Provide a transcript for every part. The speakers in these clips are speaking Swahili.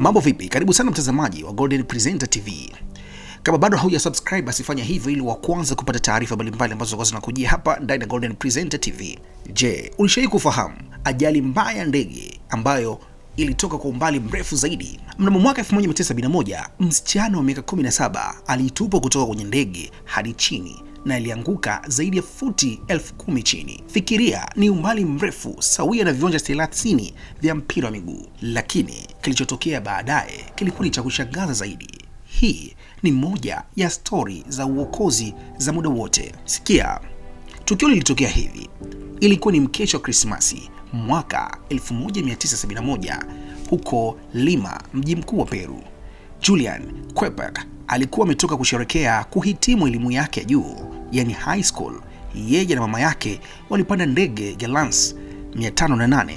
Mambo vipi? Karibu sana mtazamaji wa Golden Presenter TV. Kama bado hauja subscribe basi fanya hivyo ili wa kwanza kupata taarifa mbalimbali ambazo zinakuwa zinakujia hapa ndani ya Golden Presenter TV. Je, ulishawahi kufahamu ajali mbaya ndege ambayo ilitoka kwa umbali mrefu zaidi? Mnamo mwaka 1971, msichana wa miaka 17 alitupwa kutoka kwenye ndege hadi chini na ilianguka zaidi ya futi elfu kumi chini. Fikiria, ni umbali mrefu sawia na viwanja 30 vya mpira wa miguu. Lakini kilichotokea baadaye kilikuwa ni cha kushangaza zaidi. Hii ni moja ya stori za uokozi za muda wote. Sikia, tukio lilitokea hivi. Ilikuwa ni mkesha wa Krismasi mwaka 1971 huko Lima, mji mkuu wa Peru. Julian Quebec alikuwa ametoka kusherekea kuhitimu elimu yake ya juu yani high school, yeye na mama yake walipanda ndege ya Lance 508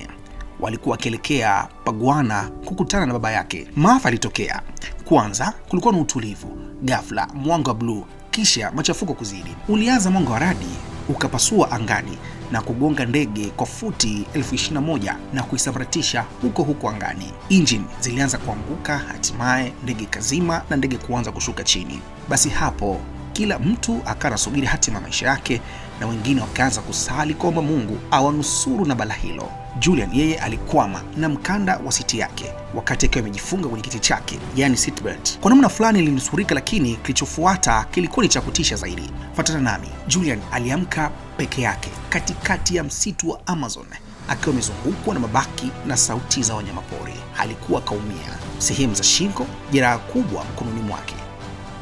walikuwa wakielekea Paguana kukutana na baba yake. Maafa yalitokea. Kwanza kulikuwa na utulivu, ghafla mwanga wa bluu, kisha machafuko kuzidi. Ulianza mwanga wa radi ukapasua angani na kugonga ndege kwa futi elfu ishirini na moja na kuisambaratisha huko huko angani. Injini zilianza kuanguka, hatimaye ndege kazima na ndege kuanza kushuka chini. Basi hapo kila mtu akanasubiri hatima maisha yake na wengine wakaanza kusali kuomba Mungu awanusuru na bala hilo. Julian yeye alikwama na mkanda wa siti yake wakati akiwa amejifunga kwenye kiti chake, yani seatbelt. Kwa namna fulani ilinusurika, lakini kilichofuata kilikuwa ni cha kutisha zaidi. fatana nami. Julian aliamka peke yake katikati ya msitu wa Amazon akiwa amezungukwa na mabaki na sauti za wanyamapori. Alikuwa kaumia sehemu za shingo, jeraha kubwa mkononi mwake,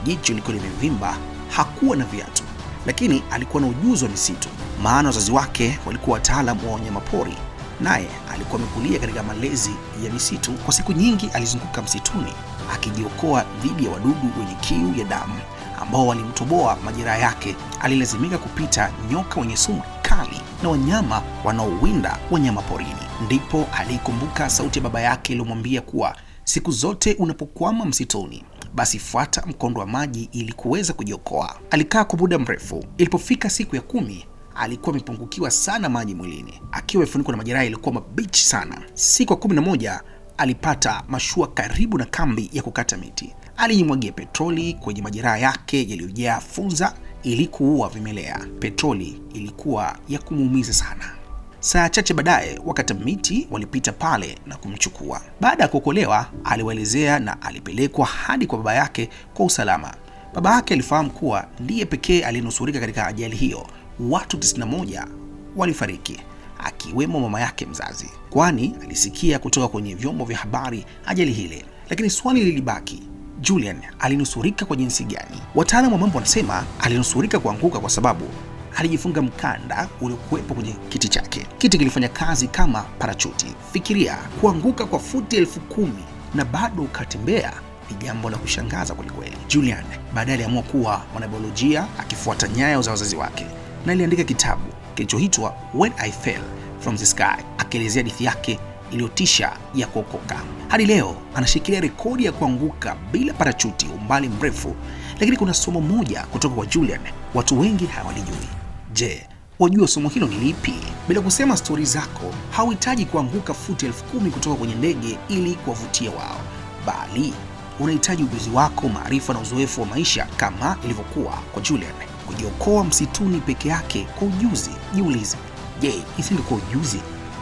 jicho likiwa limevimba hakuwa na viatu, lakini alikuwa na ujuzi wa misitu, maana wazazi wake walikuwa wataalam wa wanyamapori, naye alikuwa amekulia katika malezi ya misitu. Kwa siku nyingi alizunguka msituni akijiokoa dhidi ya wadudu wenye kiu ya damu ambao walimtoboa majeraha yake. Alilazimika kupita nyoka wenye sumu kali na wanyama wanaowinda wanyama porini. Ndipo alikumbuka sauti ya baba yake iliyomwambia kuwa siku zote unapokwama msituni basi fuata mkondo wa maji ili kuweza kujiokoa. Alikaa kwa muda mrefu. Ilipofika siku ya kumi, alikuwa amepungukiwa sana maji mwilini, akiwa amefunikwa na majeraha yaliyokuwa mabichi sana. Siku ya kumi na moja alipata mashua karibu na kambi ya kukata miti. Alijimwagia petroli kwenye majeraha yake yaliyojaa funza ili kuua vimelea. Petroli ilikuwa ya kumuumiza sana. Saa chache baadaye, wakata miti walipita pale na kumchukua. Baada ya kuokolewa, aliwaelezea na alipelekwa hadi kwa baba yake kwa usalama. Baba yake alifahamu kuwa ndiye pekee aliyenusurika katika ajali hiyo. Watu 91 walifariki akiwemo mama yake mzazi, kwani alisikia kutoka kwenye vyombo vya habari ajali hile. Lakini swali lilibaki, Julian alinusurika kwa jinsi gani? Wataalamu wa mambo wanasema alinusurika kuanguka kwa sababu alijifunga mkanda uliokuwepo kwenye kiti chake. Kiti kilifanya kazi kama parachuti. Fikiria kuanguka kwa futi elfu kumi na bado ukatembea ni jambo la kushangaza kwelikweli. Julian baadaye aliamua kuwa mwanabiolojia akifuata nyayo za wazazi wake, na aliandika kitabu kilichoitwa When I Fell From The Sky, akielezea hadithi yake iliyotisha ya kuokoka. Hadi leo anashikilia rekodi ya kuanguka bila parachuti umbali mrefu, lakini kuna somo moja kutoka kwa Julian watu wengi hawalijui. Je, wajua somo hilo ni lipi? Bila kusema stori zako, hauhitaji kuanguka futi elfu kumi kutoka kwenye ndege ili kuwavutia wao, bali unahitaji ujuzi wako, maarifa na uzoefu wa maisha, kama ilivyokuwa kwa Julian. Kujiokoa msituni peke yake kwa ujuzi? Jiulize, je, isingekuwa ujuzi,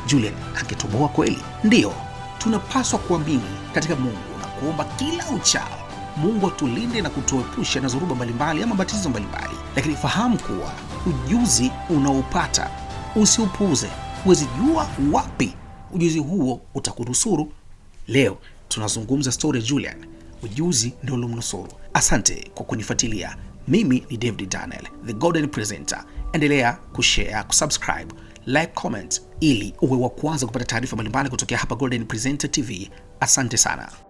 Julian angetoboa kweli? Ndiyo, tunapaswa kuamini katika Mungu na kuomba kila uchao Mungu atulinde na kutuepusha na dhoruba mbalimbali ama batizo mbalimbali, lakini fahamu kuwa ujuzi unaopata usiupuuze. Huwezi jua wapi ujuzi huo utakunusuru. Leo tunazungumza stori Julian, ujuzi ndio ulimnusuru Asante kwa kunifuatilia. Mimi ni David Daniel, the golden presenter. Endelea kushare, kusubscribe, like, comment ili uwe wa kwanza kupata taarifa mbalimbali kutokea hapa Golden Presenter TV. Asante sana.